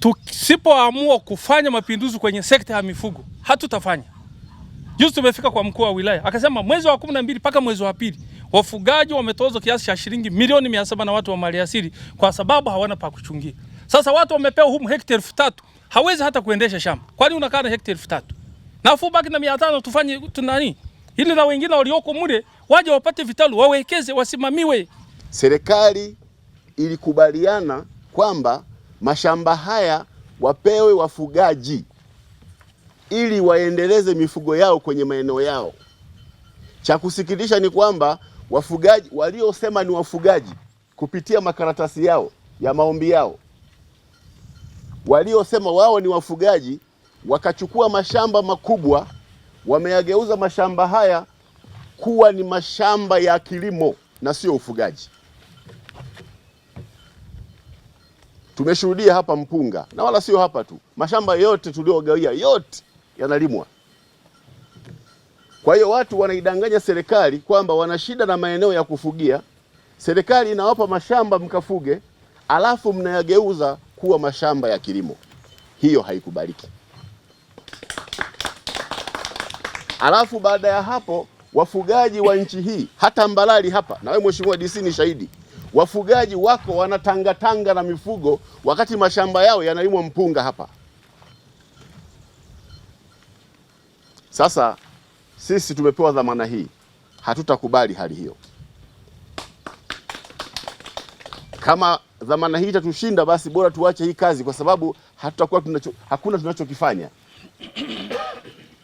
Tusipoamua kufanya mapinduzi kwenye sekta ya mifugo hatutafanya. Juzi tumefika kwa mkuu wa wilaya akasema mwezi wa kumi na mbili mpaka mwezi wa pili wafugaji wametozwa kiasi cha shilingi milioni mia saba na watu wa maliasili kwa sababu hawana pa kuchungia. Sasa watu wamepewa humu hekta elfu tatu hawezi hata kuendesha shamba. Kwani unakaa na hekta elfu tatu nafuu baki na mia tano tufanye tunani ili na wengine walioko mule waje wapate vitalu wawekeze, wasimamiwe. Serikali ilikubaliana kwamba mashamba haya wapewe wafugaji ili waendeleze mifugo yao kwenye maeneo yao. Cha kusikitisha ni kwamba wafugaji waliosema ni wafugaji kupitia makaratasi yao ya maombi yao, waliosema wao ni wafugaji wakachukua mashamba makubwa, wameyageuza mashamba haya kuwa ni mashamba ya kilimo na sio ufugaji. Tumeshuhudia hapa mpunga na wala sio hapa tu, mashamba yote tuliogawia yote yanalimwa. Kwa hiyo watu wanaidanganya serikali kwamba wana shida na maeneo ya kufugia. Serikali inawapa mashamba mkafuge, alafu mnayageuza kuwa mashamba ya kilimo. Hiyo haikubaliki. Alafu baada ya hapo wafugaji wa nchi hii hata Mbalali hapa, na wewe mheshimiwa DC ni shahidi, wafugaji wako wanatangatanga na mifugo wakati mashamba yao yanalimwa mpunga hapa. Sasa sisi tumepewa dhamana hii, hatutakubali hali hiyo. Kama dhamana hii itatushinda, basi bora tuache hii kazi, kwa sababu hatutakuwa tunacho, hakuna tunachokifanya.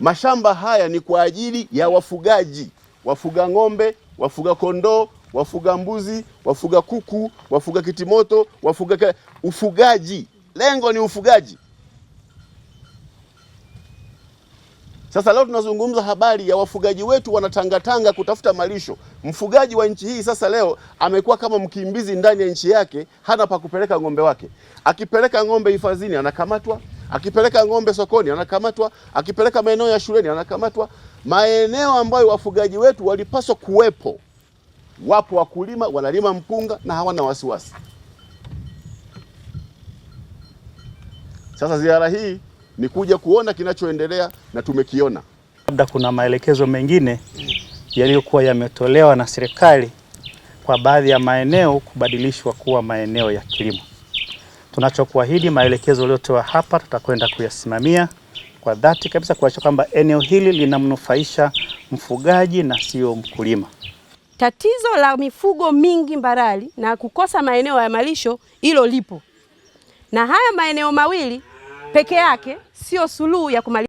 Mashamba haya ni kwa ajili ya wafugaji, wafuga ng'ombe, wafuga kondoo, wafuga mbuzi, wafuga kuku, wafuga kitimoto, wafuga ufugaji. Lengo ni ufugaji. Sasa leo tunazungumza habari ya wafugaji wetu wanatangatanga kutafuta malisho. Mfugaji wa nchi hii sasa leo amekuwa kama mkimbizi ndani ya nchi yake, hana pa kupeleka ng'ombe wake. Akipeleka ng'ombe hifadhini anakamatwa, akipeleka ng'ombe sokoni anakamatwa, akipeleka maeneo ya shuleni anakamatwa. Maeneo ambayo wafugaji wetu walipaswa kuwepo, wapo wakulima wanalima mpunga na hawana wasiwasi. Sasa ziara hii ni kuja kuona kinachoendelea na tumekiona. Labda kuna maelekezo mengine yaliyokuwa yametolewa na serikali kwa baadhi ya maeneo kubadilishwa kuwa maeneo ya kilimo. Tunachokuahidi, maelekezo yaliyotoa hapa tutakwenda kuyasimamia kwa dhati kabisa, kuhakikisha kwamba eneo hili linamnufaisha mfugaji na sio mkulima. Tatizo la mifugo mingi Mbarali na kukosa maeneo ya malisho, hilo lipo, na haya maeneo mawili peke yake sio suluhu ya kumaliza